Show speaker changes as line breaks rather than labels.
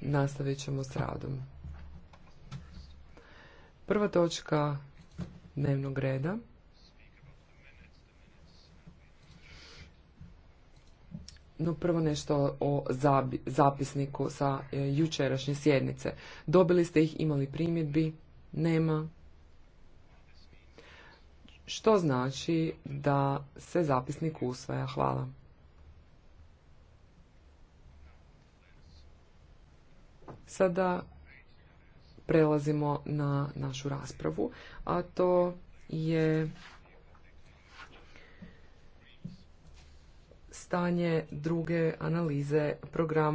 nastavit ćemo s radom. Prva točka dnevnog reda. No prvo nešto o zapisniku sa e, jučerašnje sjednice. Dobili ste ih, imali primjedbi? Nema. Što znači da se zapisnik usvaja. Hvala. Sada prelazimo na našu raspravu, a to je stanje druge analize programa